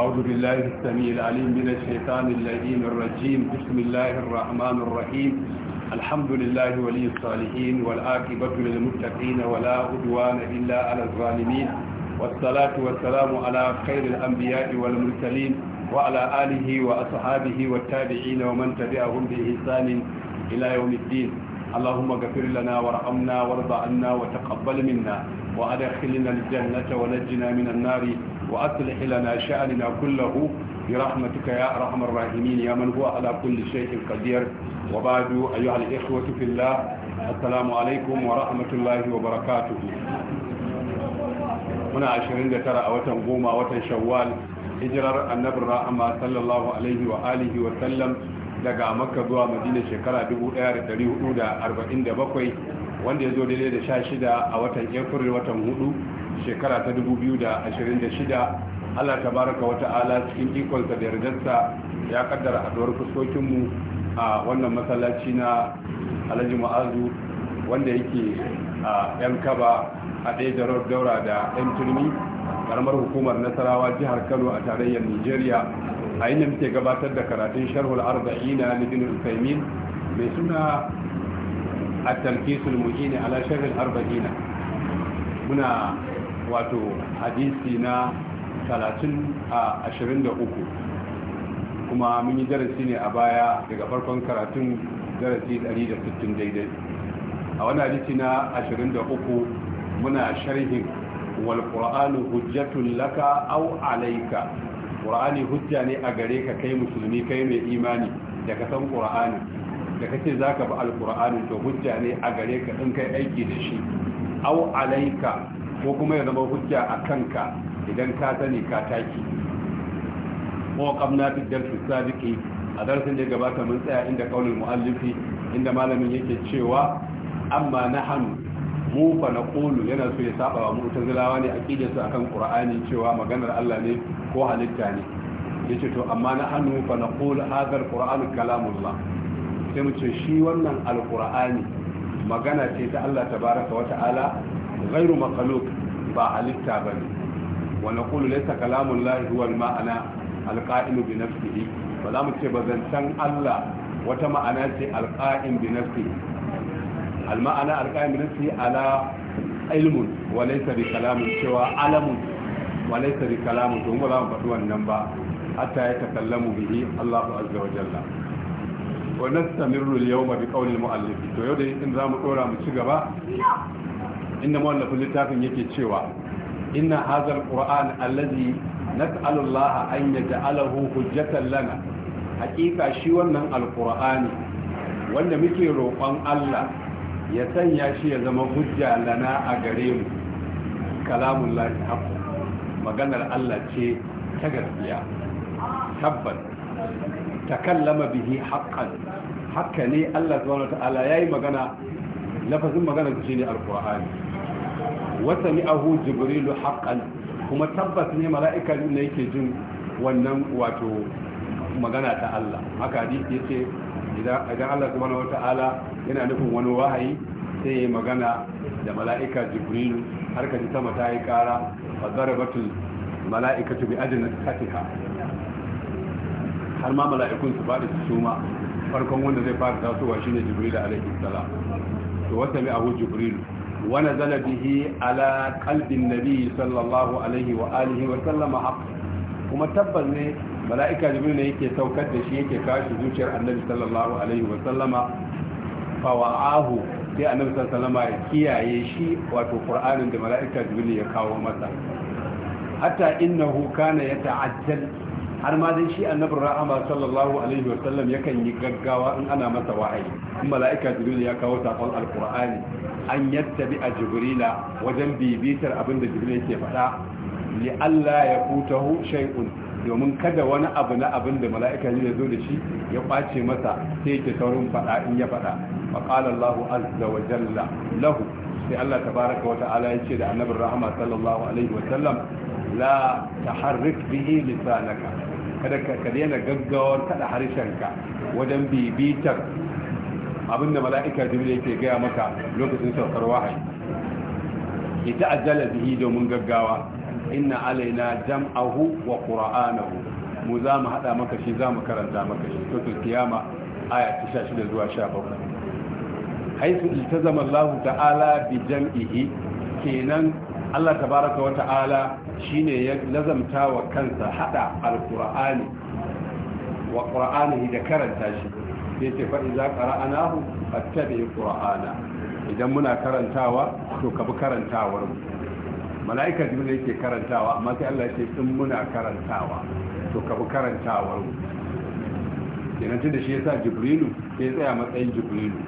أعوذ بالله السميع العليم من الشيطان اللئيم الرجيم بسم الله الرحمن الرحيم الحمد لله ولي الصالحين والآكبة للمتقين ولا عدوان إلا على الظالمين والصلاة والسلام على خير الأنبياء والمرسلين وعلى آله وأصحابه والتابعين ومن تبعهم بإحسان إلى يوم الدين اللهم اغفر لنا وارحمنا وارض عنا وتقبل منا وأدخلنا الجنة ونجنا من النار وأصلح لنا شأننا كله برحمتك يا أرحم الراحمين يا من هو على كل شيء قدير وبعد أيها الإخوة في الله السلام عليكم ورحمة الله وبركاته muna 29 a watan goma watan shawwal hijirar annabin rahama sallallahu alaihi wa alihi wa sallam daga makka zuwa madina shekara 1447 wanda ya zo daidai da sha a watan april watan hudu shekara ta 2026 allah ta baraka wata ala cikin ikonsa da yardarsa ya kaddara haduwar fuskokinmu a wannan masallaci na alhaji ma'azu wanda yake a yan kaba a ɗaya jarar daura da yan turmi karamar hukumar nasarawa jihar kano a tarayyar nigeria a inda muke gabatar da karatun sharhul arba'ina na bin usaimin mai suna a talkisul mu'ini ala sharhul arba'ina muna wato hadisi na 30 a 23 kuma mun yi darasi ne a baya daga farkon karatun darasi 160 daidai a wani hadisi na 23 muna sharhin wal qur'anu hujjatul laka aw alayka qur'ani hujja ne a gare ka kai musulmi kai mai imani da ka san qur'ani da kace zaka bi alqur'ani to hujja ne a gare ka in kai aiki da shi aw alayka ko kuma ya zama hujja a kanka idan ka sani ka taki ko kamna fi sadiki a darsin da gabata mun tsaya inda kaulin muallifi inda malamin yake cewa amma nahanu mu fa na qulu yana so ya saba wa mu'tazilawa ne aqidarsu akan qur'ani cewa maganar Allah ne ko halitta ne yace to amma na hannu fa na kulu hadha al-qur'anu kalamullah sai mu ce shi wannan alqur'ani magana ce ta Allah tabaraka wa ta'ala ghairu makhluq ba halitta bane wa na kulu laysa kalamullahi huwa al-ma'ana al-qa'imu bi nafsihi ba za mu ce bazantan Allah wata ma'ana ce alƙa'in bi nafsi alma'ana alƙa'imin su ala ilmun walaisa bi kalamin cewa alamun walaisa bi kalamin to mu za mu faɗi wannan ba hatta ya takallamu bihi Allahu azza wa jalla wa nastamirru al-yawma bi qawli al-mu'allif to yau da in za mu dora mu ci gaba inda mu'allifin littafin yake cewa inna hadha al-qur'an alladhi nas'alu Allah an yaj'alahu hujjatan lana haƙiƙa shi wannan alƙur'ani wanda muke roƙon Allah ya sanya shi ya zama hujja lana a gare mu kalamun lahi haku maganar Allah ce ta gaskiya tabbat kallama bihi haqqan haka ne Allah subhanahu wataala yayi magana lafazin magana shi ne alqur'ani wa sami'ahu jibrilu haqqan kuma tabbas ne mala'ika ne yake jin wannan wato magana ta Allah haka hadisi yace idan Allah subhanahu wata'ala yana nufin wani wahayi sai ya magana da mala'ika jibrilu har ka ji sama ta yi kara a zarabatul mala'ikatu bi ajin tatika har ma mala'ikun su faɗi su suma farkon wanda zai fara tasowa shine jibrilu alaihi salam to wata mai abu jibrilu ونزل به على قلب sallallahu alaihi wa alihi wa sallama حق kuma tabbas ne mala'ika jibril ne yake saukar da shi yake kashi zuciyar annabi sallallahu alaihi wa sallama fawa'ahu sai annabi sallallahu ya kiyaye shi wato qur'anin da mala'ika jibril ya kawo masa hatta innahu kana ta'ajjal har ma dai shi annabi rahama sallallahu alaihi wa sallam yakan yi gaggawa in ana masa wahayi in mala'ika jibril ya kawo sakon alqur'ani an yattabi a jibrila wajen bibitar abin da jibril yake faɗa li Allah ya futahu shay'un domin kada wani abu na abin da mala'ika yi da zo da shi ya ɓace masa sai ke saurin faɗa in ya faɗa fa allahu Allah azza wa jalla lahu sai Allah Ta baraka wa ta'ala ya ce da annabin rahama sallallahu alaihi wa sallam la taharrik bihi lisanaka kada ka daina gaggawar kada harshenka wajen bibitar abinda mala'ika jibril yake gaya maka lokacin saukar wahayi ita ajala bihi domin gaggawa inna alaina jam'ahu wa qur'anahu mu za mu hada maka shi za mu karanta maka shi suratul kiyama aya 16 zuwa 17 haisu iltazama Allah ta'ala bi jam'ihi kenan Allah tabaraka wa ta'ala shine ya lazamta wa kansa hada alqur'ani wa qur'anihi da karanta shi sai ce fa idza qara'anahu fattabi qur'ana idan muna karantawa to ka bi karantawar mu mala'ika jibril yake karantawa amma sai Allah ce in muna karantawa to ka bu karantawa kenan tun da shi yasa jibrilu sai ya tsaya matsayin jibrilu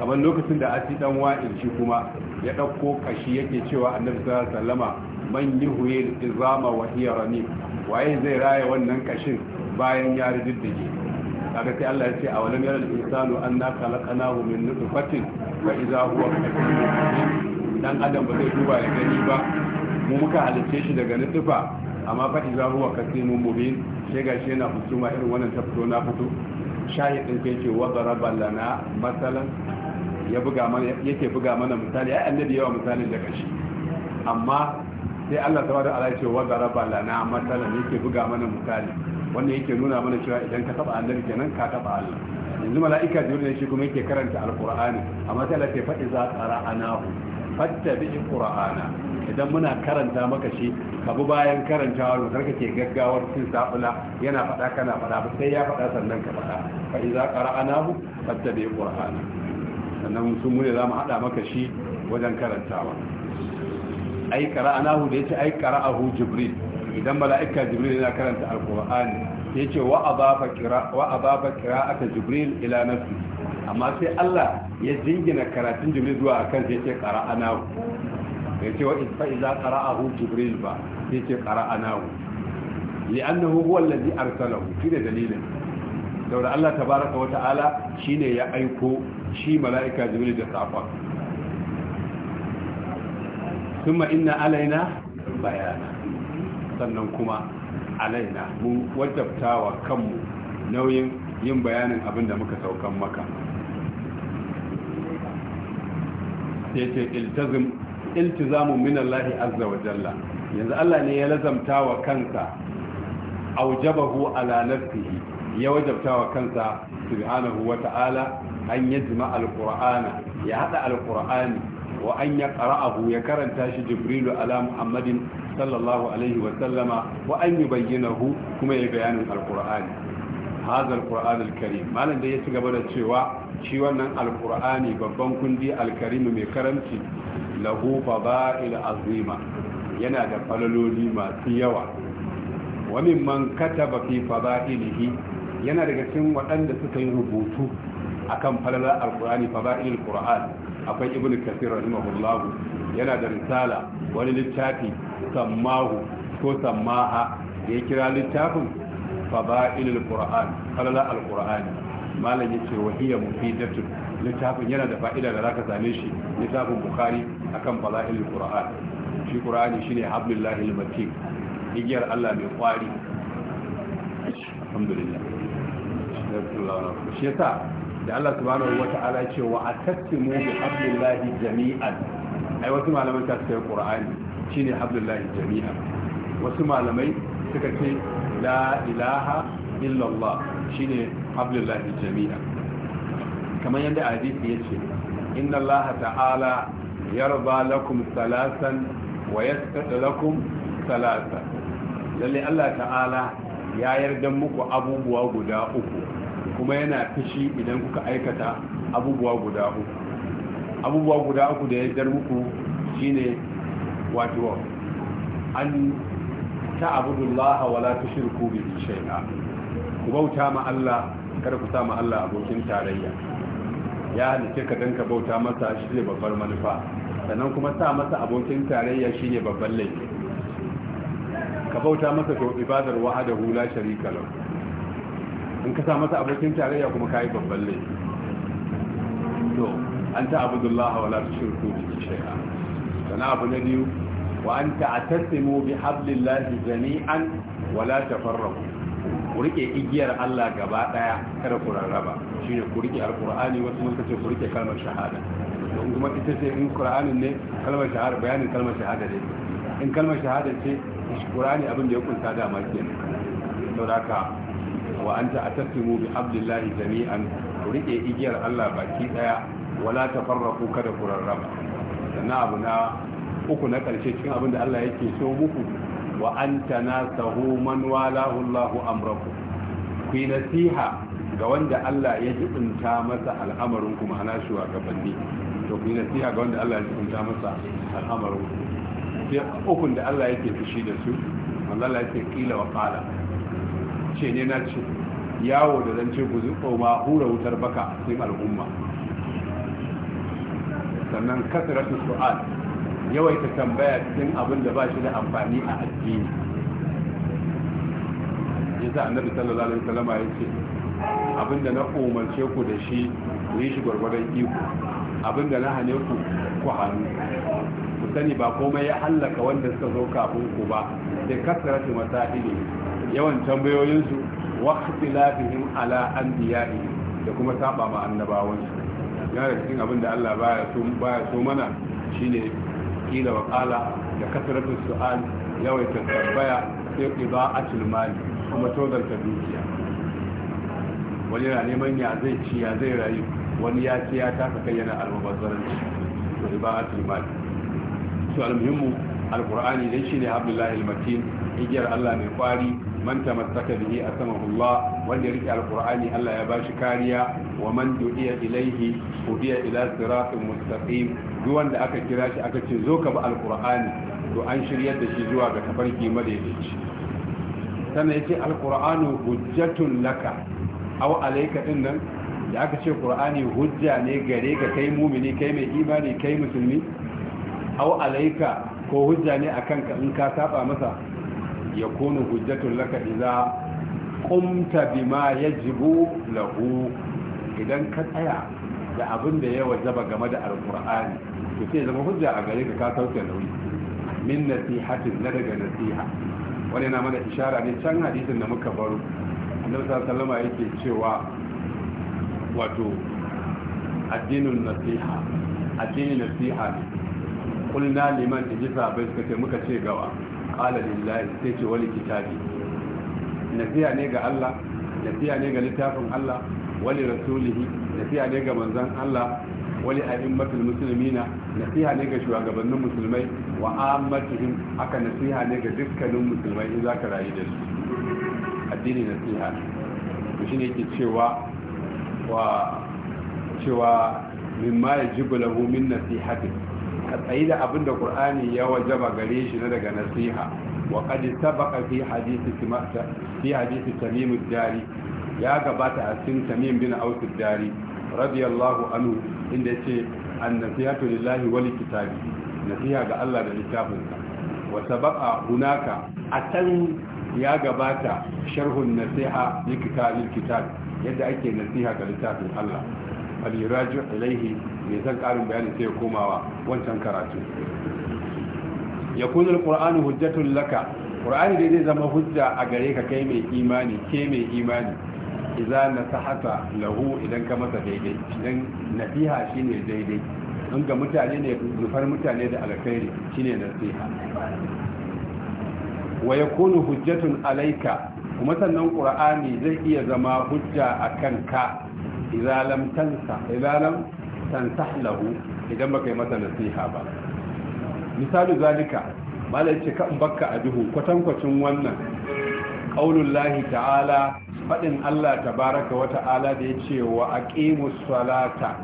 kamar lokacin da aci dan wa'il shi kuma ya dauko kashi yake cewa annabi sallallahu alaihi wasallama man yuhyil izama wa hiya waye zai raya wannan kashin bayan ya riddige kaga sai Allah ya ce awalam yaral insanu anna khalaqnahu min nutfatin fa idza huwa dan adam ba zai duba ya gani ba mu muka halice shi daga nutufa amma fa iza huwa kasimun mubin sai gashi yana husuma irin wannan ta fito na fito shahid din kai ce wa daraba lana masalan ya buga mana yake buga mana misali ai annabi yawa misalin da kashi amma sai Allah ta wada ya ce wa daraba lana masalan yake buga mana misali wannan yake nuna mana cewa idan ka taba annabi kenan ka taba Allah yanzu mala'ika jibril ne shi kuma yake karanta alqur'ani amma sai Allah ya fa iza qara'anahu Fatta fattabi qur'ana idan muna karanta maka shi ka bi bayan karantawa to karka ke gaggawar cin sabula yana faɗa kana faɗa ba sai ya faɗa sannan ka faɗa fa idza fatta fattabi qur'ana sannan sun mu ne zamu hada maka shi wajen karantawa ai qara'anahu da yace ai qara'ahu jibril idan mala'ika jibril yana karanta alqur'ani yace wa adafa qira'a wa adafa qira'ata jibril ila nafsihi amma sai Allah ya jingina karatun jibril zuwa kan sai ce qara'ana ya ce wa fa iza qara'ahu jibril ba sai ce qara'ana li'annahu huwa allazi arsalahu shine dalilin saboda Allah tabaraka wa ta'ala shine ya aiko shi mala'ika jibril da safa kuma inna alaina bayana sannan kuma alaina mu wajabtawa kanmu nauyin yin bayanin abin da muka saukan maka sai ce iltazim iltizamu min Allah azza wa jalla yanzu Allah ne ya lazamta wa kansa aujabahu ala nafsihi ya wajabta wa kansa subhanahu wa ta'ala an yajma alqur'ana ya hada alqur'ani wa an yaqra'ahu ya karanta shi jibrilu ala muhammadin sallallahu alaihi wa sallama wa an yubayyinahu kuma ya bayanin alqur'ani hazal qur'an alkarim malam da ya ci gaba da cewa shi wannan alkur'ani babban kundi alkarim mai karamci lahu fadail azima yana da falaloli masu yawa wa mimman kataba fi fadailihi yana daga cikin waɗanda suka yi rubutu akan falalar alqur'ani fadail alqur'an akwai ibnu kathir rahimahullahu yana da risala wani littafi sammahu ko sammaha da ya kira littafin fada'ilul qur'an kalala alqur'ani malam yace wa hiya mufidatun littafin yana da fa'ida da zaka same shi littafin bukhari akan fada'ilul qur'an shi qur'ani shine hablullahi almatin igiyar Allah mai kwari alhamdulillah shi yasa da Allah subhanahu wata'ala ya ce wa atassimu bi hablillahi jami'an ai wasu malamai ta ce qur'ani shine hablillahi jami'an wasu malamai suka ce la ilaha illallah ne abdullahi jami'a kamar yadda ya ce inna Allah ta'ala yarba lakum salasan wa yastata lakum salasan, lalle Allah ta'ala ya yarda muku abubuwa guda uku kuma yana fishi idan kuka aikata abubuwa guda uku abubuwa guda uku da ya yarda muku ne wato an ta'budu Allah wa la tushriku bihi shay'a ku bauta ma Allah kada ku sa ma Allah abokin tarayya ya halice ka danka bauta masa shine babbar manufa sannan kuma sa masa abokin tarayya shine ne babban laifi ka bauta masa to ibadar wahadahu la sharika lahu in ka sa masa abokin tarayya kuma kai babban laifi to an ta abudullahi wa la tushriku bihi shay'a sana abu na biyu وأن تعتسموا بحبل الله جميعا ولا تفرقوا kurike igiyar Allah gaba daya kada ku rarraba shine kurike alqur'ani wasu mun kace kurike kalmar shahada don kuma ita ce in qur'anin ne kalmar shahada bayanin kalmar shahada ne in kalmar shahada ce qur'ani abin da ya kunta da ma kenan to haka wa anta atasimu bi hablillahi jami'an kurike igiyar Allah baki daya wala tafarraqu kada ku rarraba sannan abu na uku na ƙarshe cikin abin da Allah yake so muku wa an tanasahu man walahu Allahu amraku ku yi nasiha ga wanda Allah ya jibinta masa al'amarin ku ma'ana shugabanni to ku yi nasiha ga wanda Allah ya jibinta masa al'amarin ku sai ukun da Allah yake fushi da su manzo Allah yake kila wa qala ce ne na ce yawo da ce ku zuko ma hura wutar baka cikin al'umma sannan kasratu su'al yawaita tambaya cikin abin da ba shi da amfani a addini Ya sa annabi sallallahu alaihi wasallam ya ce abin da na umarce ku da shi ku yi shi gwargwadon iko abin da na hane ku ku hannu ku sani ba komai ya hallaka wanda suka zo kafin ku ba sai kasarati masaili yawan tambayoyinsu wa ikhtilafihim ala anbiya'i da kuma saba ma annabawansu yana cikin abin da Allah baya so baya so mana shine kila wa kala da kasaratu su'al yawaita tambaya sai ibaatul mali kuma tozarta dukiya wani na neman ya zai ci ya zai rayu wani ya ci ya taka kai yana almubazzaranci to ibaatul mali to almuhimmu alqur'ani dai shine abdullahi almatin igiyar Allah mai kwari man tamassaka bihi asamahu Allah wanda ya rike alqur'ani Allah ya bashi kariya ومن دعي إليه ودي إلى صراط مستقيم duk wanda aka kira shi aka ce zo ka bi alkur'ani an shiryar da shi zuwa ga tafarki madaidaici sannan yace alkur'anu hujjatun laka aw alayka din da aka ce qur'ani hujja ne gare ka kai mumini kai mai imani kai musulmi aw alayka ko hujja ne akan ka in ka saba masa yakunu hujjatun laka idza qumta ya yajibu la'u? idan ka tsaya da abin da ya wajaba game da alkur'ani to sai zama hujja a gare ka ka sauke nauyi min nasihatin na daga nasiha wani na mana ishara ne can hadisin da muka baro annabi sallallahu alaihi yake cewa wato addinin nasiha addinin nasiha ne kulna liman ijisa bai suka muka ce gawa qala lillahi sai ce wani kitabi nasiha ne ga Allah nasiha ne ga littafin Allah wali rasulihi nasiha ne ga manzon Allah wali a'immatul muslimina nasiha ne ga shugabannin musulmai wa ammatihim haka nasiha ne ga dukkanin musulmai in zaka rayu da su addini nasiha to shine yake cewa wa cewa mimma yajibu lahu min nasihati ka tsayi da abin da qur'ani ya wajaba gare shi na daga nasiha wa qad sabaqa fi hadisi fi hadisi tamim ad-dari ya gabata a cikin tamim bin aus dari radiyallahu anhu inda yace annasiyatu lillahi wal kitabi nasiha ga Allah da littafinsa wa sabaqa hunaka atan ya gabata sharhun nasiha li kitabil kitab yadda ake nasiha ga littafin Allah bal yuraju ilaihi mai zan karin bayani sai komawa wancan karatu yakunul qur'anu hujjatun laka qur'ani dai zai zama hujja a gare ka kai mai imani ke mai imani ta nasahata lahu idan ka masa daidai idan nasiha shine daidai in ga mutane ne nufar mutane da alkhairi shine nasiha wa yakunu hujjatun alaika? kuma sannan qur'ani zai iya zama hujja akan ka lam tansa lahu idan baka yi masa nasiha ba misalu zalika malai ce ka in bakka a duhu kwatankwacin wannan qaulullahi ta'ala faɗin Allah tabaraka wa ta'ala da ya ce wa aqimus salata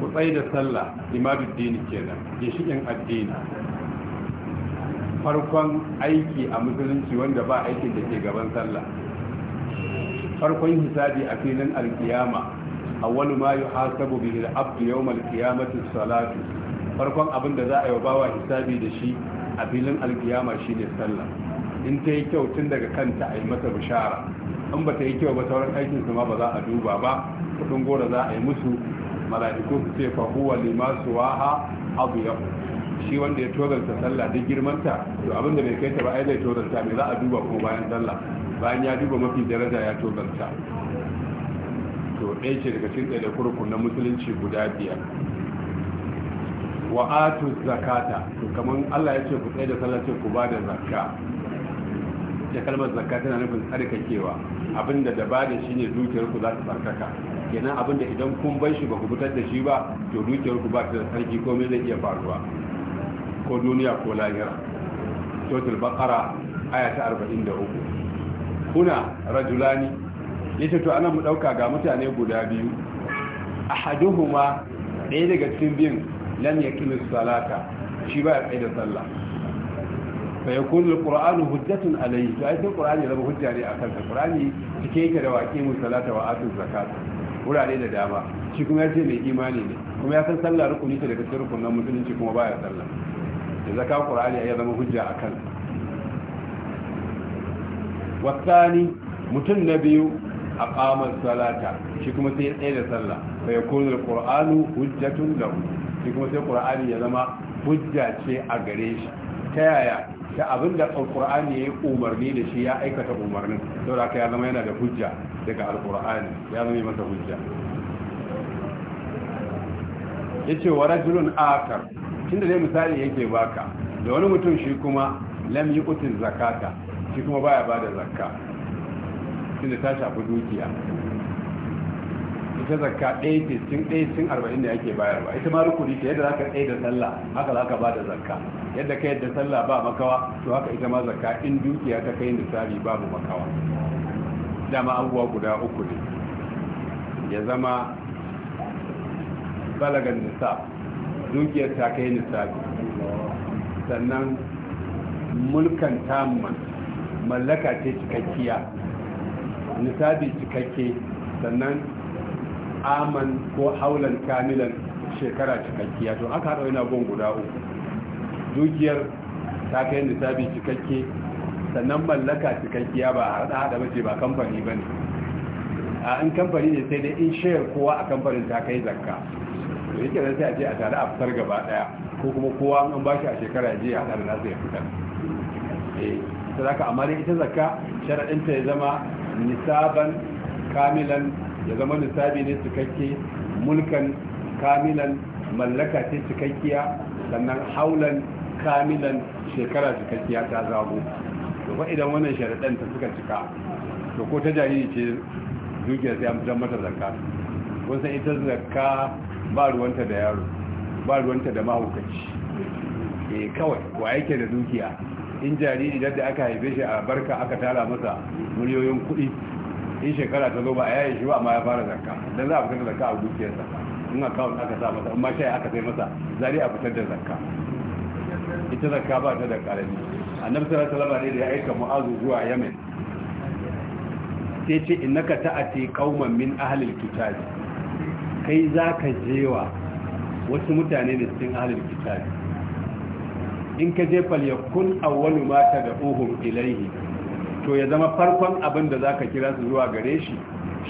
ku tsaye da sallah limadud dini kenan ginshikin addini farkon aiki a musulunci wanda ba aikin da ke gaban sallah farkon hisabi a filin alkiyama awwalu ma yuhasabu bihi al-abdu yawm al-qiyamati salatu farkon abin da za a yi bawa hisabi da shi a filin alkiyama shine sallah in ta yi kyau tun daga kanta a yi masa bishara in ba ta yi kyau ba sauran aikin su ma ba za a duba ba kudin gora za a yi musu mala'iku su ce fa huwa limasu suwaha abu yau shi wanda ya tozarta sallah duk girmanta to abin da bai kai ta ba ai zai tozarta me za a duba kuma bayan sallah bayan ya duba mafi daraja ya tozarta to ɗaya ce daga cikin ɗaya kurkun na musulunci guda biyar Wa'atu zakata to kaman Allah ya ce ku tsaye da sallah ce ku ba da zakka da kalmar zakka tana nufin tsarkakewa abinda da ba da shi ne dukiyarku za ta tsarkaka kenan abinda idan kun bai shi ba ku fitar da shi ba to dukiyarku ba ta da tsarki me zai iya faruwa ko duniya ko lahira total bakara aya ta 43 kuna rajulani yace to ana mu dauka ga mutane guda biyu ahaduhuma ɗaya daga cikin biyun lam yaqimis salata shi ba ya tsaye da sallah fa Alƙur'anu alqur'anu hujjatun alayhi to ai ƙur'ani qur'ani zama hujja ne akan sa Ƙur'ani cike yake da waƙe mu salata wa atu zakat wurare da dama shi kuma yace mai imani ne kuma ya san sallah rukuni ce daga cikin rukunan musulunci kuma baya sallah da zaka ƙur'ani ya zama hujja a akan wasani mutum na biyu a kamar salata shi kuma sai ya tsaye da sallah fa Alƙur'anu alqur'anu hujjatun lahu shi kuma sai ƙur'ani ya zama hujja ce a gare shi ta yaya abin da alkur'ani ya yi umarni da shi ya aikata umarnin saboda haka ya zama yana da hujja daga alkur'ani ya zama masa hujja ya ce wa rajulun akar da dai misali yake baka da wani mutum shi kuma lam yi utin zakata shi kuma baya bada zakka tunda ta shafi dukiya ita zakka ɗaya ce cikin ɗaya cikin arba'in da ake bayarwa ita ma rukuni ce yadda za ka ɗaya da sallah haka za ka ba da zakka yadda ka yadda sallah ba makawa to haka ita ma zakka in dukiya ta kai misali babu makawa dama abubuwa guda uku ne ya zama balagan nisab dukiyar ta kai nisabi sannan mulkan tamman mallaka ce cikakkiya nisabi cikakke sannan aman ko haulan kamilan shekara cikakkiya to aka haɗa yana gon guda uku dukiyar ta kai nisabi cikakke sannan mallaka cikakkiya ba a haɗa ba ce ba kamfani ba ne a an kamfani ne sai dai in shayar kowa a kamfanin ta kai zakka to yake da sai a je a tare a fitar gaba ɗaya ko kuma kowa an ba shi a shekara je a haɗa da nasa ya fitar eh sadaka amma dai ita zakka sharaɗinta ya zama nisaban kamilan ya zama nisabi ne cikakke mulkan kamilan mallaka ce cikakkiya sannan haulan kamilan shekara cikakkiya ta zago to fa idan wannan sharaɗan ta suka cika to ko ta jariri ce dukiya sai an fitar mata zakka kun san ita zakka ba ruwanta da yaro ba ruwanta da mahaukaci eh kawai wa yake da dukiya in jariri da aka haife shi a barka aka tara masa miliyoyin kuɗi in shekara ta zo ba a yayin shi ba amma ya fara zakka dan za a fitar da zakka a dukiyar sa in account aka sa masa amma shayi aka sai masa zari a fitar da zakka ita zakka ba ta da karami annabi sallallahu alaihi wasallam ne da ya aika mu'azu zuwa yamen sai ce innaka ta'ati qauman min ahli alkitab kai zaka jewa wasu mutane ne cikin ahli alkitab in ka je fal yakun awwalu ma tad'uhum ilayhi to ya zama farkon abin da zaka kira su zuwa gare shi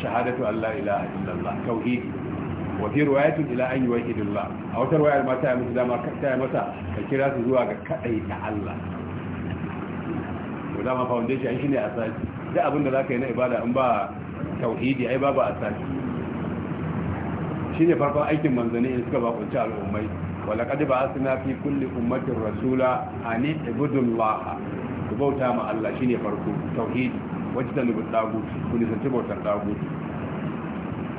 shahadatu Allah ilaha illallah tauhidi wa fi riwayatin ila an yuwahidillah a wata riwayar ma ta yi dama ta yi masa ka kira su zuwa ga ta Allah to dama foundation ne asasi duk abin da zaka yi na ibada in ba tauhidi ai babu asasi shine farkon aikin manzanni in suka bakunci al'ummai wa laqad ba'athna fi kulli ummatin rasula an الله ku bauta ma Allah shine farko tauhidi wajtani bi dagu ku nisanci bautar dagu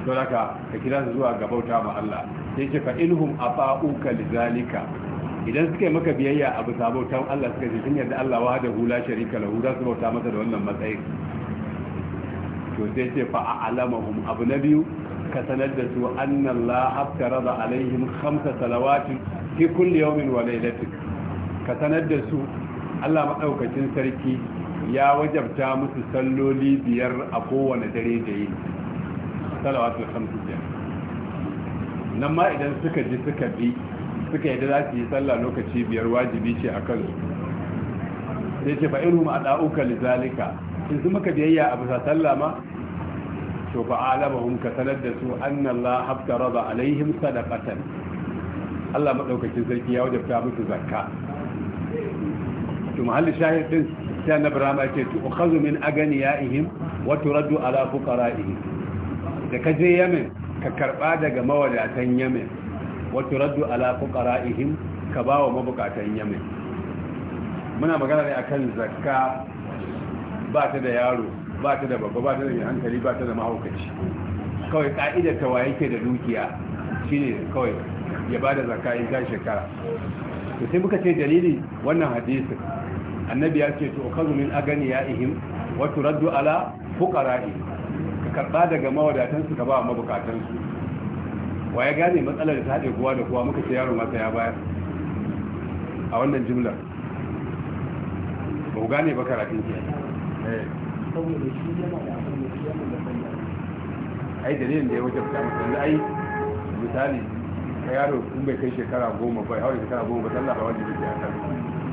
to haka ka kira su zuwa ga bauta ma Allah sai ce fa inhum afa'uka lidhalika idan suka yi maka biyayya a abu sabautan Allah suka ce sun yarda Allah wahdahu la sharika lahu za su bauta masa da wannan matsayin to sai ce fa a'lamahum abu na biyu ka sanar da su annallaha aftarada alaihim khamsa salawatin fi kulli yawmin wa laylatin ka sanar da su Allah maɗaukacin sarki ya wajabta musu salloli biyar a kowane dare da yi salawatu hamsu biyar nan ma idan suka ji suka bi suka yadda za su yi sallah lokaci biyar wajibi ce a kansu sai ce fa'iru ma ɗa'uka lizalika in su muka biyayya a bisa sallah ma to fa alamahum ka sanar da su annallah hafta raba alaihim sadaqatan Allah maɗaukacin sarki ya wajabta musu zakka to mahallin shahid din sai annabi rama yake to ukhazu min aganiyaihim wa turaddu ala fuqaraihim da ka je yamin ka karba daga mawadatan yamin wa turaddu ala fuqaraihim ka ba wa mabukatan yamin muna magana ne akan zakka ba ta da yaro ba ta da babba ba ta da hankali ba ta da mahaukaci kawai ka'idar ta wa yake da dukiya shine kawai ya ba da zakka in ta shekara to sai muka ce dalili wannan hadisin annabi ya ce to kazu min ihim wa turaddu ala fuqara'i ka karba daga mawadatan su ka ba mabukatan su wa ya gane matsalar da ta haɗe kowa da kowa muka ce yaro mata ya bayar a wannan jimlar ba ku gane ba karatun ke eh. ai dalilin da ya wuce fita musamman ai misali ka yaro kun bai kai shekara goma bai hau shekara goma ba sallah ba wajibi ya kan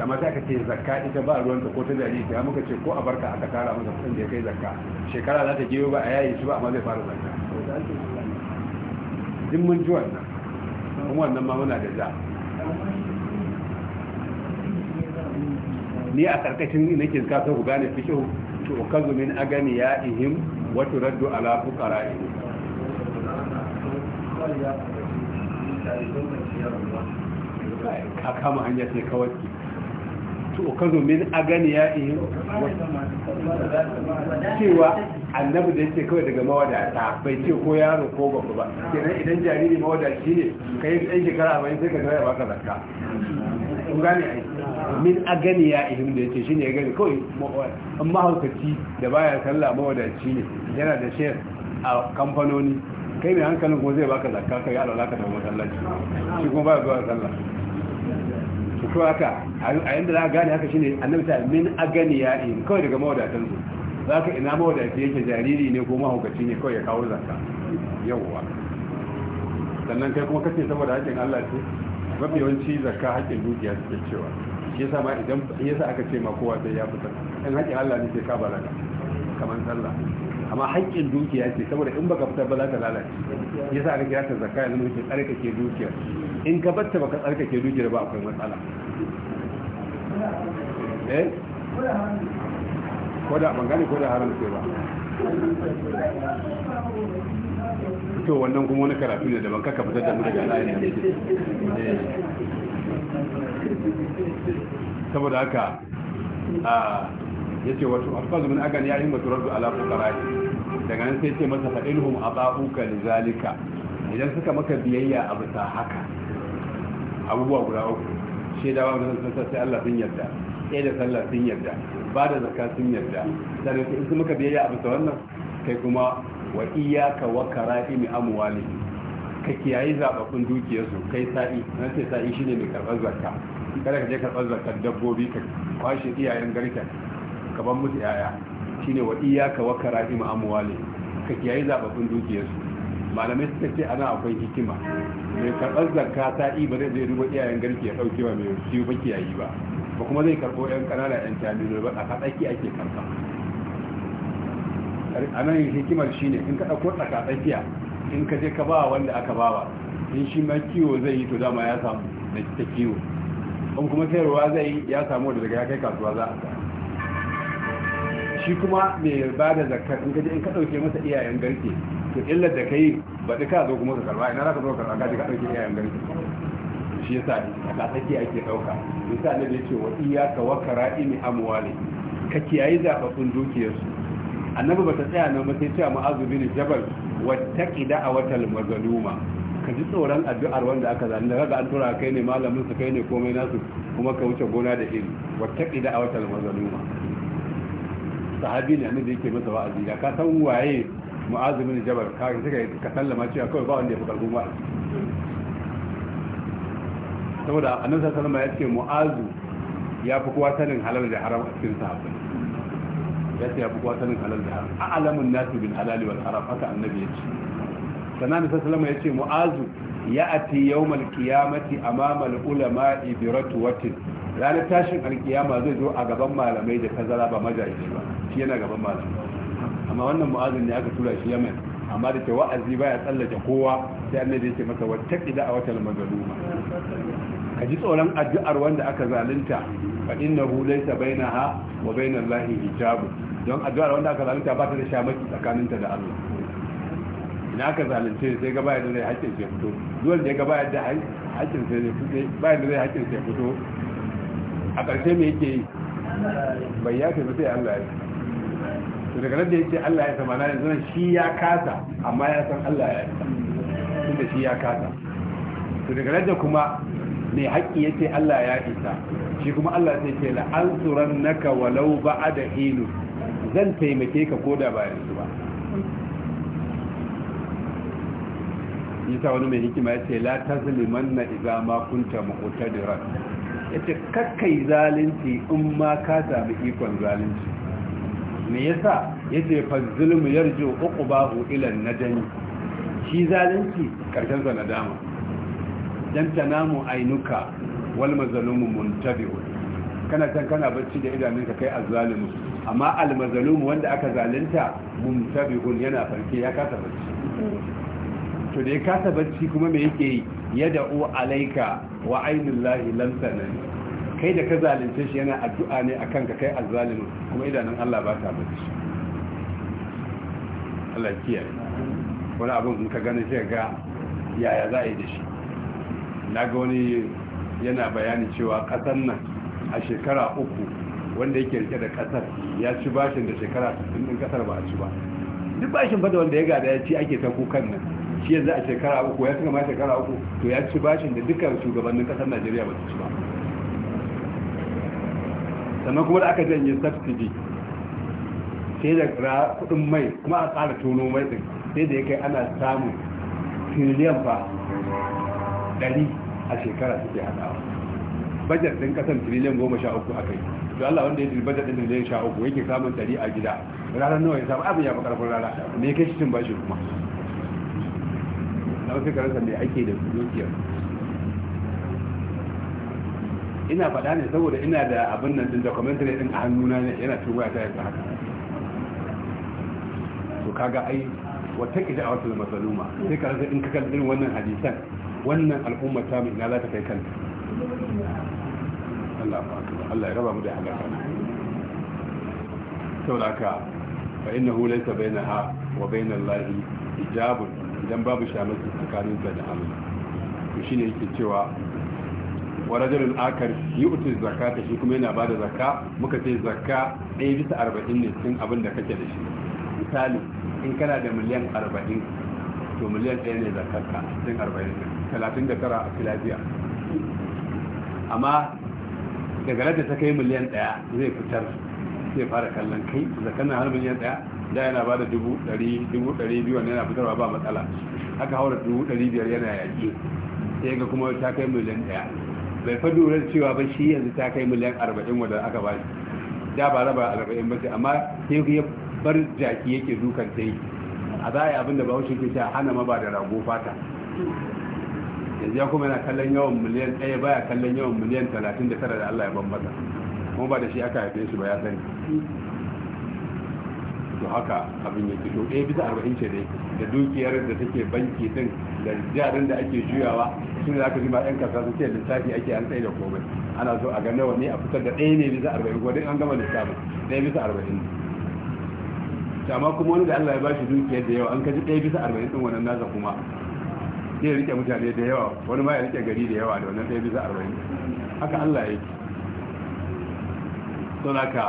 amma za ka ce zakka ita ba ruwanta ko ta jari ta muka ce ko a barka aka tara masa kudin da ya kai zakka shekara za ta giyo ba a yayi shi ba amma zai fara zakka duk mun ji wannan kuma wannan ma muna da za ni a karkashin nake ka ku gane fiqh to kazu min agani ya ihim wa turaddu ala fuqara'i ka kama hanya sai kawai tu'kazu min aganiya'ihim cewa annabi da yake kawai daga mawadata bai ce ko yaro ko babu ba kenan idan jariri mawadaci ne kai ɗan shekara bai sai ka ga ya baka zakka kun gane a min ya a aganiya'ihim da yake shine ya gani kawai an mahaukaci da baya sallah mawadaci ne yana da share a kamfanoni kai ne hankalin ko zai baka zarka kai yi ka da masallaci shi kuma baya zuwa sallah su kawai haka a yanda za a gane haka shine annabi ta min agani ya in kawai daga mawadatan su za ka ina mawadaci yake jariri ne ko mahaukaci ne kawai ya kawo zaka yawwa sannan kai kuma kace saboda haƙƙin Allah ce mafi yawanci zakka haƙƙin dukiya suke cewa shi yasa ma idan yasa aka ce ma kowa sai ya fita in haƙƙin Allah ne sai ka baraka kamar sallah amma haƙƙin dukiya ce saboda in baka fitar ba za ta lalace yasa aka kira ta zakka yanzu muke tsarkake dukiya in ka batta baka tsarkake dukiya ba akwai matsala eh ko da ban gane ko da haram ce ba to wannan kuma wani karatu ne daban kaka fitar da mu daga layin da eh. saboda haka a ah, yace wato afkazu min agan ya yi maturar da ala fuqara daga nan sai ce masa fa'ilhum aba'uka lizalika idan suka maka biyayya a bisa haka abubuwa guda uku shaidawa ga sun sai Allah sun yarda sai da sallah sun yarda ba da zakka sun yarda sannan in su maka biyayya a bisa wannan kai kuma wa iyyaka wa kara'imi amwalihim ka kiyaye zaɓaɓɓun dukiyarsu kai sa'i nan sai sa'i shine mai karɓar zakka kada ka je karɓar zakkar dabbobi ka kwashe iyayen garken ka ban musu yaya shine wa iyaka wa karahim amwali ka kiyaye zababbin dukiyarsu malamai suka ce ana akwai hikima mai karɓar zakka ta yi ba zai zai ruba iyayen garki ya ɗauke wa mai siyo ba kiyayi ba ba kuma zai karɓo yan ƙanana yan jami'ai ba a haɗaki ake karɓa a nan hikimar shine in ka ɗauko tsaka in ka je ka ba wanda aka ba wa, in shi ma kiwo zai yi to dama ya samu da ta kiwo in kuma sayarwa zai ya samu daga ya kai kasuwa za a samu shi kuma mai ba da zakar in kaji in ka dauke masa iyayen garke to illar da kai ba ka zo kuma ka karba ina za ka zo ka ji ka dauke iyayen garke shi yasa a kasake ake dauka yasa ne da ce wa ka wa kara'imi amwali ka kiyayi zababbun dukiyarsu annabi ta tsaya nan ba sai ce ma'azu bin jabal wattaqi da'awatal mazluma ka ji tsoron addu'ar wanda aka zalunta da kaga an tura kai ne malamin su kai ne komai nasu kuma ka wuce gona da iri wattaqi da'awatal mazluma sahabi ne annabi yake masa wa'azi da ka san waye mu'azim bin jabal ka sai ka sallama cewa kawai ba wanda ya fuka gumba saboda annabi sallallahu alaihi wasallam ya ce mu'azu ya fi kowa sanin halal da haram a cikin sahabbai ya ce ya fi kowa sanin halal da haram a'lamun nasu bil halali wal haram haka annabi ya ce sannan annabi sallallahu alaihi wasallam ya ce mu'azu. ya'ati yawmal qiyamati amama al-ulama Watin, ranar tashin alkiyama zai zo a gaban malamai da tazara ba majalisi ba shi yana gaban malamai amma wannan mu'azin ne aka tura shi yamen amma da ke wa'azi baya tsallake kowa sai annabi yake masa wattaqi da watan mazluma ka ji tsoron addu'ar wanda aka zalunta fa hu laysa bainaha wa bainallahi hijabu don addu'ar wanda aka zalunta ba ta da shamaki tsakaninta da Allah ina ka zalunce sai ga bayan da zai haƙƙin sai fito duwan da ya ga bayan da haƙƙin sai fito bayan da zai haƙƙin sai fito a ƙarshe me yake yi bai ya mutu sai Allah ya to daga nan da ya ce Allah ya samana yanzu nan shi ya kasa amma ya san Allah ya isa inda shi ya kasa to daga nan da kuma mai haƙƙi ya ce Allah ya isa shi kuma Allah sai ce tsoron naka walau ba'ada hinu zan taimake ka koda ba yanzu ba isa wani mai hikima ya ce la ta zuliman na iza makunta makotadiran ya ce kakkai zalunci in ma ka sami ikon zalunci me yasa ya ce fazilmu yarjo uku babu ilan na jani shi zalunci karshensa na dama don ta namu ainuka wal mazalumu muntabi kana can kana bacci da idanunka kai azzalimu amma al wanda aka zalunta muntabi yana farke ya kasa bacci to da ya kasa barci kuma me yake yi ya da'u alaika wa ainihin lahi tanani kai da ka zalunce shi yana addu'a ne akan kanka kai azzalimin kuma idanun Allah ba ta barci Allah kiya wani abin in ka gane sai ga yaya za a yi da shi na ga wani yana bayani cewa ƙasar nan a shekara uku wanda yake rike da ƙasar ya ci bashin da shekara 60 din ƙasar ba a ci ba duk bashin ba da wanda ya gada ya ci ake ta kukan nan shi yanzu a shekara uku ya tunama shekara uku to ya ci bashin da dukkan shugabannin kasar najeriya ba su ci ba sannan kuma da aka janye subsidy sai da ra kudin mai kuma a tsara tono mai din sai da ya kai ana samun trillion fa dari a shekara suke hadawa bajet din kasan trillion goma sha uku aka yi to Allah wanda ya ji bajet din trillion sha uku yake samun dari a gida ranar nawa ya samu abin ya fi karfin rana me ya kai shi cin bashi kuma har suka rasa mai ake da dukiyar ina faɗa ne saboda ina da abin nan da documentary din a hannuna ne yana cin waya ta yasa haka to kaga ai wata ita a wata masaluma sai ka in ka kalli irin wannan hadisan wannan al'ummar ta ina za ta kai kanta Allah ya raba mu da halaka saboda ka fa innahu laysa bainaha wa bainal lahi hijabun idan babu tsakanin tsakaninsa da Amina, to ne yake cewa wa yi uti zaka ta shi kuma yana ba da zaka muka ce zaka ɗaya bisa arba'in ne cikin abin da kake da shi misali in kana da miliyan arba'in, to miliyan ɗaya ne ne. cikin da tara a filafiya amma daga da ta kai miliyan ɗaya zai fitar zai fara kallon kai zakan har miliyan ɗaya. da yana ba da dubu ɗari biyu wanda yana fitarwa ba matsala aka haura dubu ɗari biyar yana yaƙi sai ga kuma ta kai miliyan ɗaya bai fa lura cewa ba shi yanzu ta kai miliyan arba'in wadda aka ba shi da ba raba arba'in ba shi amma sai ya bar jaki yake dukan ta yi a za a yi abin da bahaushe ke ta hana ma ba da rago fata yanzu ya kuma yana kallon yawan miliyan ɗaya baya kallon yawan miliyan talatin da tara da allah ya bambata kuma ba da shi aka haife shi ba ya sani to haka abin yake to ɗaya bisa arba'in ce dai da dukiyar da take banki din da jarin da ake juyawa shi ne zaka ji ma yan kasa sun ce lissafi ake an tsaye da komai ana so a ga nawa ne a fitar da ɗaya ne bisa arba'in ko dai an gama lissafin ɗaya bisa arba'in ne amma kuma wani da Allah ya ba shi dukiyar da yawa an kaji ɗaya bisa arba'in din wannan nasa kuma sai ya rike mutane da yawa wani ma ya rike gari da yawa da wannan ɗaya bisa arba'in haka Allah ya yi. Don haka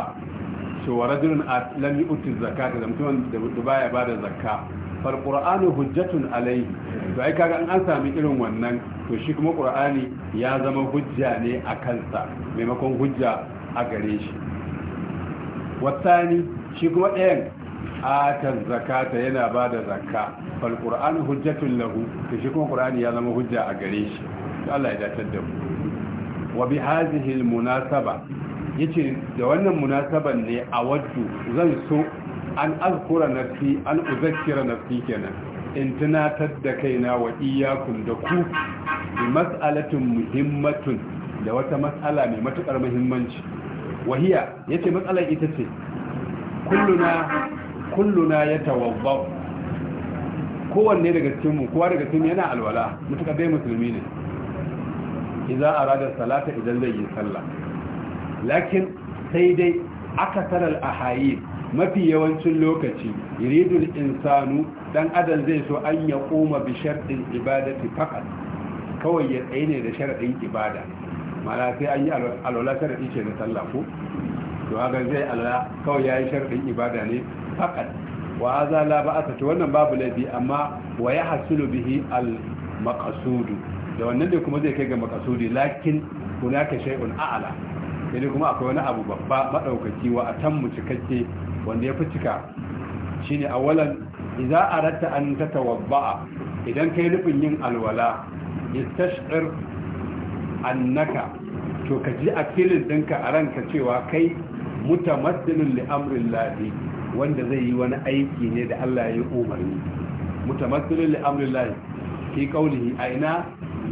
cewa rajulun lam yu'ti zakata da mutum da baya bada zakka fal qur'anu hujjatun alayhi to ai kaga an sami irin wannan to shi kuma qur'ani ya zama hujja ne a kansa maimakon hujja a gare shi wattani shi kuma ɗayan atar zakata yana ba da zakka fal qur'anu hujjatun lahu to shi kuma qur'ani ya zama hujja a gare shi To Allah ya dace da mu wa bi hadhihi al munasaba yace da wannan munasaban ne a waddu zan so an azkura fi an na fi kenan in tunatar da kaina wa iyakun da ku bi mas'alatin muhimmatun da wata matsala mai matukar muhimmanci wahiya yace matsalar ita ce kulluna kulluna yatawadda kowanne daga cikin mu kowa daga cikin yana alwala mutuka dai musulmi ne idan arada salata idan zai yi sallah lakin sai dai aka a al'ahayi mafi yawancin lokaci yuridul insanu dan adam zai so an ya koma bi sharɗin ibadati fakat kawai ya tsaye ne da sharaɗin ibada mana sai an yi alwala sharɗi ce na sallah to haka zai alwala kawai ya yi sharaɗin ibada ne fakat wa za la ba aka wannan babu laifi amma wa ya hasulu bihi al maqasudu da wannan dai kuma zai kai ga makasudu. lakin ka shay'un a'la sai kuma akwai wani abu babba madaukaki wa atammu cikakke wanda ya fi cika shine awalan idza aratta an tatawabba idan kai nufin yin alwala yastashir annaka to ka ji a filin dinka a ranka cewa kai mutamaddilin li'amrin lafi wanda zai yi wani aiki ne da Allah ya yi umarni mutamaddilin li'amrin lafi fi kaulihi a ina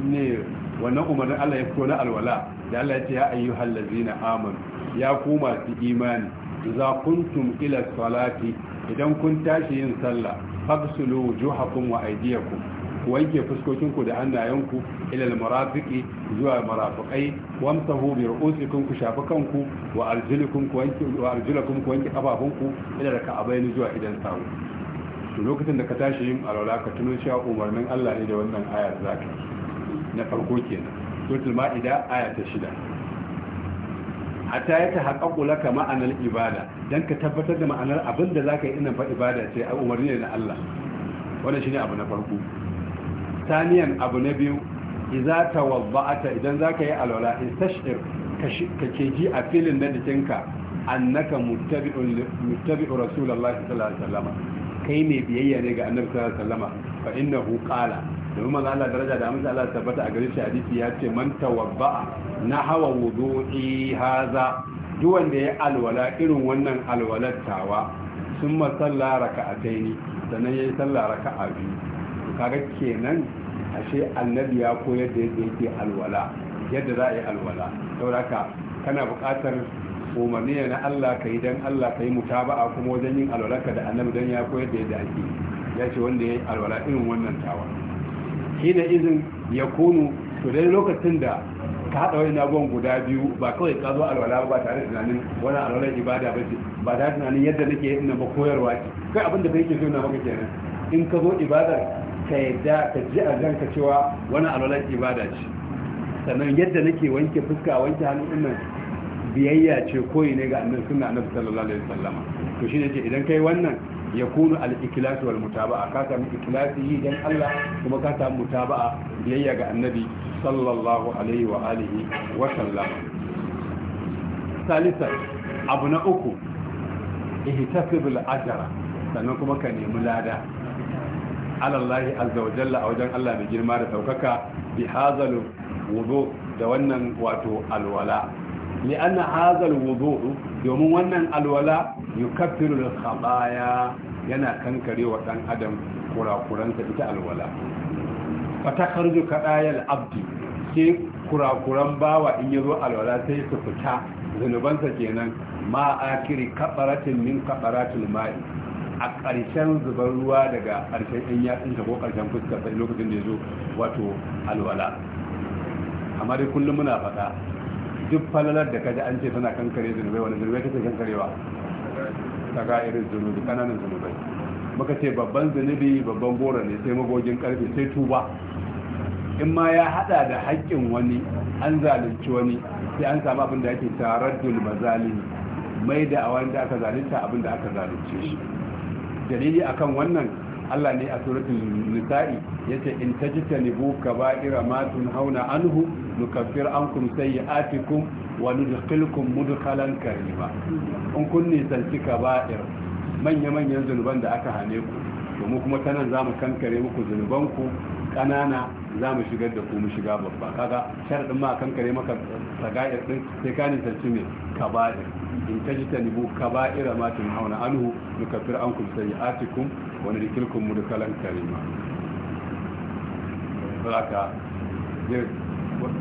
ne wannan umarnin Allah ya fito na alwala da Allah ya ce ya ayyuhal ladzina amanu ya ku masu imani idza kuntum ila salati idan kun tashi yin sallah fabsulu wujuhakum wa aydiyakum ku wanke fuskokinku da hannayenku ila almarafiqi zuwa marafiqai wamsahu bi ru'usikum ku shafi kanku wa arjulukum ku wanke wa arjulakum ku wanke kafafunku ila raka'abaini zuwa idan sawu to lokacin da ka tashi yin alwala ka tuno cewa umarnin Allah ne da wannan aya zaka na farko kenan suratul ma'ida aya ta shida hatta ya tahaqqaqu laka ma'anar ibada dan ka tabbatar da ma'anar abin da zaka yi innan fa ibada ce a umarni na Allah wannan shine abu na farko saniyan abu na biyu idza wabba'ata idan zaka yi alwala istashir ka keji a filin na jikinka annaka muttabi'un muttabi'u rasulullahi sallallahu alaihi wasallam kai ne biyayya ne ga annabi sallallahu alaihi wasallam fa innahu qala domin manzo Allah daraja da amince Allah tabbata a gare shi hadisi ya ce man tawabba na hawa wudu'i haza duk wanda ya alwala irin wannan alwalar tawa sun masalla raka'ataini sannan ya yayi sallah raka'a biyu kaga kenan ashe annabi ya koyar da yadda yake alwala yadda za a yi alwala saboda kana buƙatar umarni na Allah ka yi don Allah ka yi mutaba'a kuma wajen yin ka da annabi don ya koyar da yadda ake ya ce wanda ya yi alwala irin wannan tawa hina izin ya kunu to dai lokacin da ka haɗa wani nagon guda biyu ba kawai ka zo alwala ba tare da tunanin wani alwalar ibada ba ce ba tare da tunanin yadda nake yin ba koyarwa ce kai abin da kai ke so na maka kenan in ka zo ibadar ka yadda ka ji a ranka cewa wani alwalar ibada ce sannan yadda nake wanke fuska wanke hannu nan biyayya ce koyi ne ga annabi sunna annabi sallallahu alaihi wasallama to shine ce idan kai wannan ya kunu al-ikhlasi wal mutaba'a ka samu ikhlasi yi dan Allah kuma ka samu mutaba'a biyayya ga annabi sallallahu alaihi wa alihi wa sallam salisa abu na uku ihtasib al-ajra sannan kuma ka nemi lada alallahi azza wa jalla a wajen Allah mai girma da daukaka bi hazal wudu da wannan wato alwala li anna azal alwudu domin wannan alwala yukaffiru alkhabaya yana kankare wa dan adam kurakuransa ita alwala fata kharju kadayal abdi sai kurakuran bawa in yazo alwala sai su fita zunubansa kenan ma akiri kabaratin min kabaratul ma'i a ƙarshen zubar ruwa daga ƙarshen ɗan yatsun ko ƙarshen fuskar lokacin da ya zo wato alwala amma dai kullum muna faɗa duk falalar da kaji an ce tana kankare zunubai wani zunubai kake kankarewa ga irin zunubi kananan zunubai muka ce babban zunubi babban gora ne sai magogin karfe sai tuba in ma ya hada da haƙƙin wani an zalunci wani sai an samu abin da ake taraddul mazalimi mai da a wanda aka zalunta abin da aka zalunce shi dalili akan wannan Allah ne a suratul nisa'i yace in tajtanibu kaba'ira ma tunhauna anhu nukaffir ankum sayyi'atikum wa nudkhilkum mudkhalan karima in kun nisanci kaba'ir manya-manyan zunuban da aka hane ku to mu kuma tanan za mu kankare muku zunubanku ƙanana za mu shigar da ku mu shiga babba kaga sharaɗin ma kankare maka sagayar ɗin sai ka ci ne kaba'ir in ta ji ta tanibu kaba'ira ma tun hauna anhu nukaffir an kum sai atikum wani rikirkun mu da kalan karima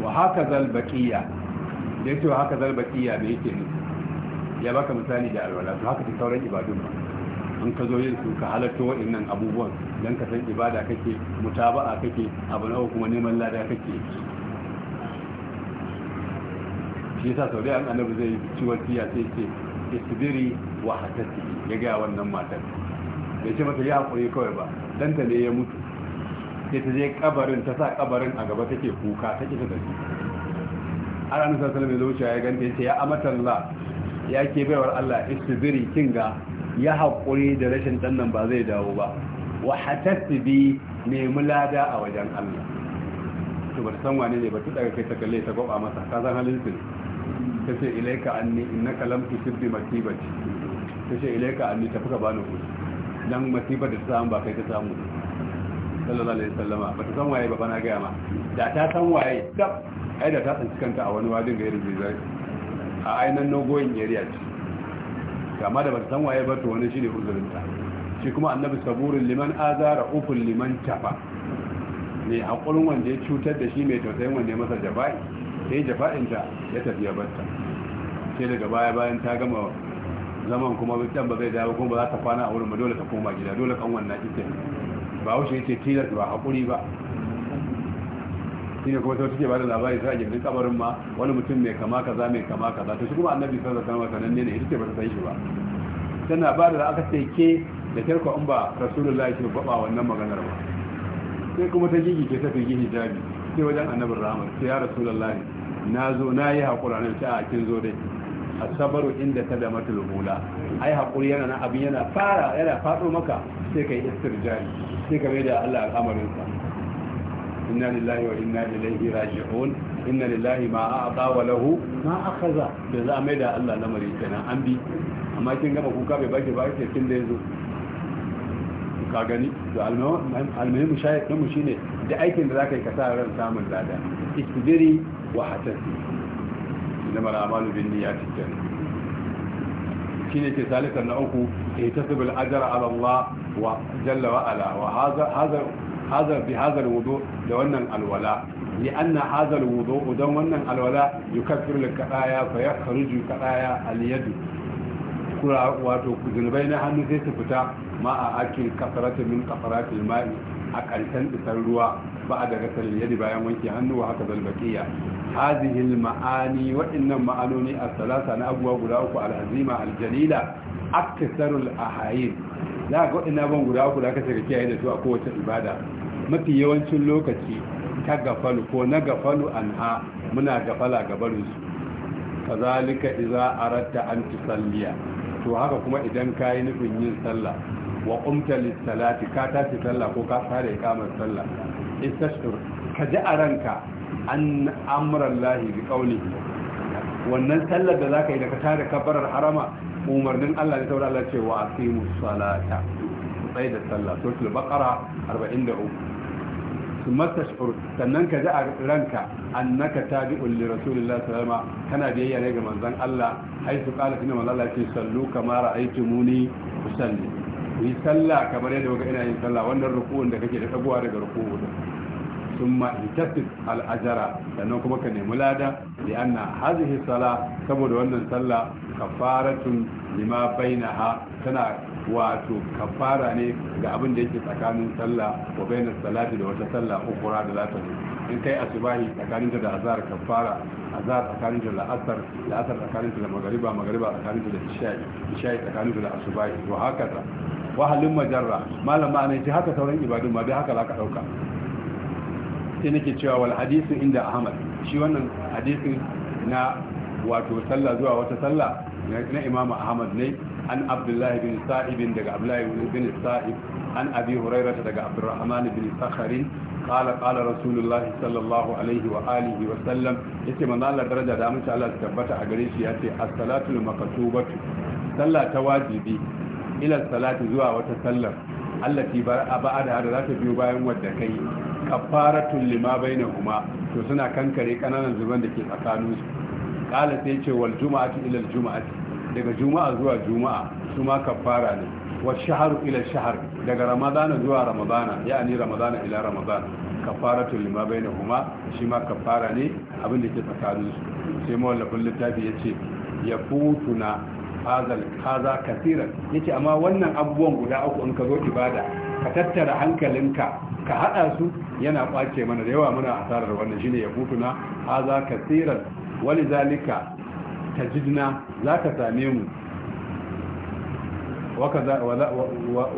wa haka zalbaƙiya da yake wa haka zalbaƙiya da yake nufi ya baka misali da alwala to haka ta sauran ibadun ba An ka zo yin su ka halatta waɗannan abubuwan don ka san ibada kake mutaba'a kake abu na kuma neman lada kake shi yasa sau da an annabi zai ciwon wasiya sai ce isbiri wa hatatti ya ga wannan matar bai ce mata ya hakuri kawai ba ta ne ya mutu sai ta je kabarin ta sa kabarin a gaba take kuka take ta dashi har annabi sallallahu alaihi zuciya ya ganta ya ce ya la, ya ke baiwar Allah isbiri kinga ya haƙuri da rashin ɗan ba zai dawo ba wa hatattu bi nemi lada a wajen Allah to ba san wane ne ba ta daga kai ta kalle ta gaba masa ka zan halin su ta ce ilaika anni innaka lam kalamtu bi masibati ta ce ilaika anni tafi ka bani kuɗi dan masibar da ta samu ba kai ta samu sallallahu alaihi wasallama ba ta san waye ba bana ga ma da ta san waye dab ai da ta tsinci kanta a wani wadin ga yarin bizai a ainan nogoyin yariya ce ta amma da ba san waye ba to wani shine uzurin ta shi kuma annabi saburin liman azara ukul liman tafa ne hakurin wanda ya cutar da shi mai tausayin wanda ya masa jafa'i sai jafa'in ta ya tafi ya barta sai daga baya bayan ta gama zaman kuma bitan ba zai dawo kuma ba za ta kwana a wurin ba dole ta koma gida dole kan wannan ita ba wuce yace tilas ba hakuri ba shine kuma sai suke bada labari sai a gindin kabarin ma wani mutum mai kama kaza mai kama kaza to shi kuma annabi sallallahu alaihi wasallam sanan ne ne ita ce bata san shi ba tana ba da aka ce ke da tarko in ba rasulullahi shi baba wannan maganar ba sai kuma ta gigi ke ta gigi hijabi sai wajen annabi rahama sai ya rasulullahi na zo na yi hakura nan ta a kin zo dai asabaru inda ta da matul hula ai hakuri yana na abin yana fara yana fado maka sai ka yi istirjari sai ka mai da Allah sa إنا لله وإنا إليه راجعون إن لله ما أعطى وله ما أخذ جزاء ميدا الله لمر يتنا أنبي أما كن كما كوكا بباشي باشي كن ليزو ka gani da almuhimmin shayar ɗinmu shi ne da aikin da za ka yi ka sa ran samun lada istidiri wa hatassi na mara amalu bin niyya cikin shi ne ke salisar na uku ke tasibul ajara ala Allah wa jalla wa ala wa hazar hazar bi hazar wudu da wannan alwala li anna hazar wudu don wannan alwala yukaffiru lil qadaya fa yakhruju qadaya al yad kura wato zunubai na hannu sai su fita ma a akil kasarata min kasarata mai a ƙarshen isar ruwa ba a daga salil yadi bayan wanke hannu wa haka zalbaƙiya hazihil ma'ani waɗannan ma'anoni a salasa na abubuwa guda uku al-jalila al'azima aljalila aktasarul ahayin za ga waɗannan ban guda uku da aka shiga kiyaye da su a kowace ibada mafi yawancin lokaci ta gafalu ko na gafalu an ha muna gafala gabarinsu zalika iza aratta an ci salliya to haka kuma idan ka yi nufin yin sallah wa qumta lis-salati ka tashi sallah ko ka fara kama sallah istashur ka ji a ranka an amuran lahi bi qawli wannan sallar da zaka yi da ka tare kabarar harama umarnin Allah ne saboda Allah ce wa aqimus salata sai da sallah suratul baqara 43 su matashur sannan ka ji a ranka annaka tabi'un li rasulillahi sallama kana biyayya ne ga manzon Allah ai su kala kina manzon Allah ce sallu kama ra'aytumuni usalli ku yi sallah kamar yadda kuka ina yin sallah wannan ruku'un da kake da dagowa daga ruku'u thumma intafis al da sannan kuma ka nemi lada li anna hadhihi sala saboda wannan sallah kafaratun lima bainaha tana wato kafara ne ga abin da yake tsakanin sallah wa bainas salati da wata sallah ukura da za in kai asubahi tsakanin da azhar kafara azhar tsakanin da la'asar la'asar tsakanin da magariba magariba tsakanin da isha'i isha'i da asubahi to haka ta wahalin majarra malama haka sauran ibadun ma haka za ka sai nake cewa wal hadisin inda ahmad shi wannan hadisin na wato sallah zuwa wata sallah na imamu ahmad ne an abdullahi bin sa'ibin daga abdullahi bin sa'ib an abi hurairah daga abdurrahman bin sakhari qala qala rasulullah sallallahu alaihi wa alihi wa sallam yace manzo Allah daraja da mutum Allah tabbata a gare shi yace as-salatu maktubatu sallah ta wajibi ila salati zuwa wata sallar allati ba'ada da za ta biyo bayan wadda kai kaffaratun lima huma to suna kankare kananan zuban da ke tsakanin su kala sai ce wal juma'atu ila al juma'ati daga juma'a zuwa juma'a su ma kafara ne wa shahru ila shahr daga ramadana zuwa ramadana yani ramadana ila ramadana kaffaratun lima bainahuma shi ma kafara ne abin da ke tsakanin su sai mawallafin littafi yace yafutuna hazal haza kasira yace amma wannan abubuwan guda uku in ka zo ibada ka tattara hankalinka ka hada su yana kwace mana da yawa muna asarar wannan shine ya butuna haza kasiran walizalika tajidna ka same mu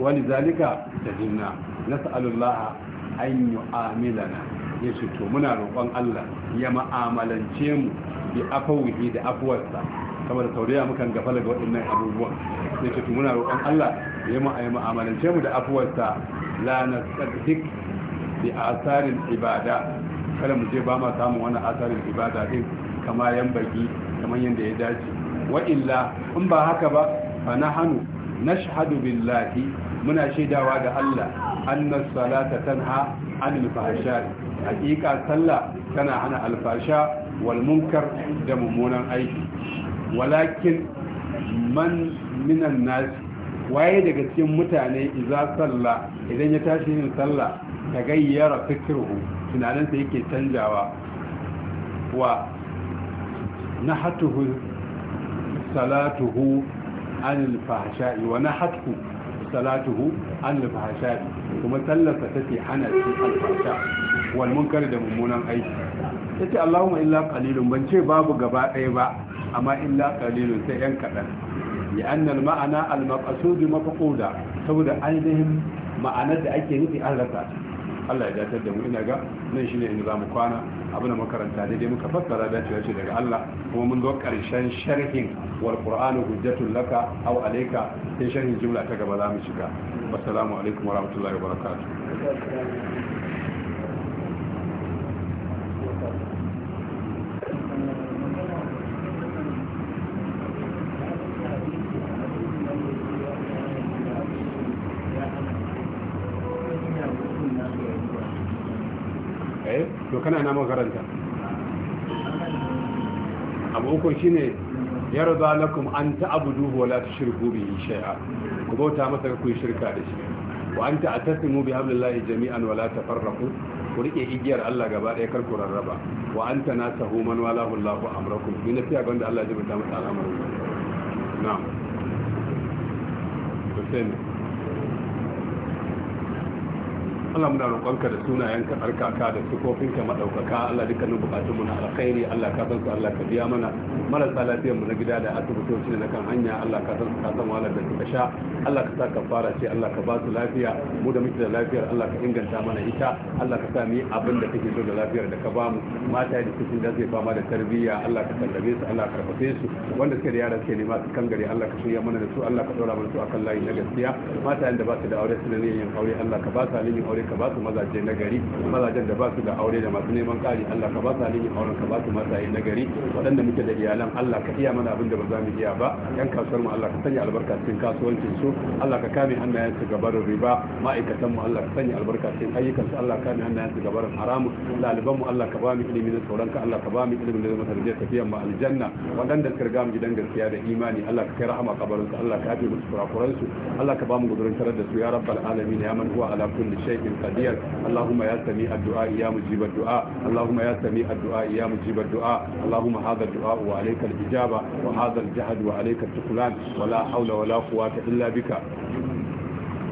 walizalika tajidna nas'alullah an yu'amilana yace to muna roƙon Allah ya ma'amalance mu bi afawihi da afwarsa saboda tauriya mukan gafala ga waɗannan abubuwan sai ce muna roƙon Allah ya mu ayi mu'amalance mu da afuwarsa la nasaddiq bi asarin ibada kada mu je ba ma samun wani asarin ibada din kama yan baki kamar yanda ya dace wa illa in ba haka ba fa hanu nashhadu billahi muna shaidawa ga Allah annas salata tanha anil fahsha'i haqiqa sallah tana hana alfasha wal munkar da mummunan aiki walakin man minan nasi waye daga cikin mutane iza sallah idan ya tashi yin sallah ta gayyara fikirhu tunaninsa yake canjawa wa na nahatuhu salatuhu anil fahsha'i wa na nahatuhu salatuhu anil fahsha'i kuma sallarsa ta ke hana shi alfasha wal munkar da mummunan aiki ce, Allahumma illa kalilun. ban ce babu gaba ɗaya ba amma illa qalilun sai yan kaɗan ya annal ma'ana al maqsud mafquda saboda ainihin ma'anar da ake nufi an rasa Allah ya datar da mu ina ga nan shine za zamu kwana abin da makaranta daidai muka fassara da cewa ce daga Allah kuma mun zo karshen sharhin wal qur'anu hujjatul laka aw alayka sai sharhin jumla ta gaba zamu shiga assalamu alaikum wa rahmatullahi wa barakatuh kana na makaranta abu uku shine yarda lakum an ta'budu wa la tushriku bihi shay'a ku bauta masa ku yi shirka da shi wa an ta'tasimu bi hablillahi jami'an wa la tafarraqu ku rike igiyar Allah gaba daya kar ku rarraba wa an tanasahu man walahu Allahu amrakum ni na tiya ganda Allah ya jibta masa al'amarin na'am to sai Allah muna roƙonka da sunayen ka tsarkaka da sukofin ka madaukaka Allah dukkanin bukatun mu na alkhairi Allah ka san su Allah ka biya mana marasa lafiyar mu na gida da asibitoci da kan hanya Allah ka san ka san wahalar da suka sha Allah ka sa ka fara ce Allah ka ba su lafiya mu da muke da lafiyar Allah ka inganta mana ita Allah ka sa mu yi abin da kake so da lafiyar da ka ba mu mata da cikin da zai fama da tarbiyya Allah ka tallabe su Allah ka karfafe su wanda suke da yara suke nema su kan gari Allah ka shirya mana da su Allah ka dora mana su akan layi na gaskiya mata da ba su da aure su da ne yin aure Allah ka ba su halin yin aure aure ka ba su mazaje na gari mazajen da ba su da aure da masu neman ƙari Allah ka ba su halin yin auren ka ba su mazaje na gari waɗanda muke da iyalan Allah ka iya mana abin da ba za mu iya ba yan kasuwar mu Allah ka sanya albarka cikin kasuwancin su Allah ka kame hannayen su gabarin riba ma'aikatan mu Allah ka sanya albarka cikin ayyukan su Allah ka kame hannayen su gabarin haramu ɗaliban mu Allah ka ba mu ilimin sauran ka Allah ka ba mu da na zama tarbiyyar tafiyan mu aljanna waɗanda suka riga mu gidan gaskiya da imani Allah ka kai rahama kabarin su Allah ka yafe musu kurakuran su Allah ka ba mu gudurin tarar da su ya rabbal alamin ya man huwa ala kulli shay'in قدير اللهم يا سميع الدعاء يا مجيب الدعاء اللهم يا سميع الدعاء يا مجيب الدعاء اللهم هذا الدعاء وعليك الإجابة وهذا الجهد وعليك التقلان ولا حول ولا قوة إلا بك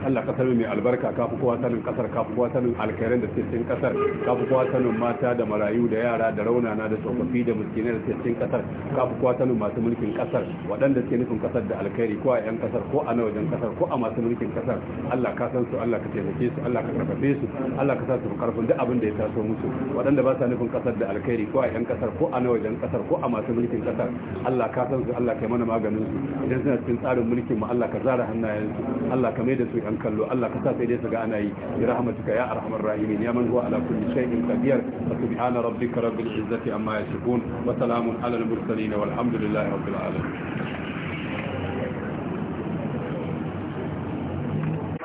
Allah ka sami mai albarka ka fi kowa sanin kasar ka fi kowa sanin alkhairan da suke cikin kasar ka fi kowa sanin mata da marayu da yara da raunana da tsofaffi da miskinai da suke cikin kasar ka fi kowa sanin masu mulkin kasar waɗanda suke nufin kasar da alkhairi ko a 'yan kasar ko a na wajen kasar ko a masu mulkin kasar Allah ka san su Allah ka taimake su Allah ka karfafe su Allah ka sa su karfin duk abin da ya taso musu waɗanda ba sa nufin kasar da alkhairi ko a 'yan kasar ko a na wajen kasar ko a masu mulkin kasar Allah ka san su Allah ka yi mana maganin su idan suna cikin tsarin mulkin mu Allah ka zara hannayen su Allah ka mai da su yan kallo Allah ka sa sai dai su ga ana yi bi rahmatuka ya arhamar rahimin ya man huwa ala kulli shay'in qadir subhana rabbika rabbil izzati amma yasifun wa salamun ala al mursalin walhamdulillahi rabbil alamin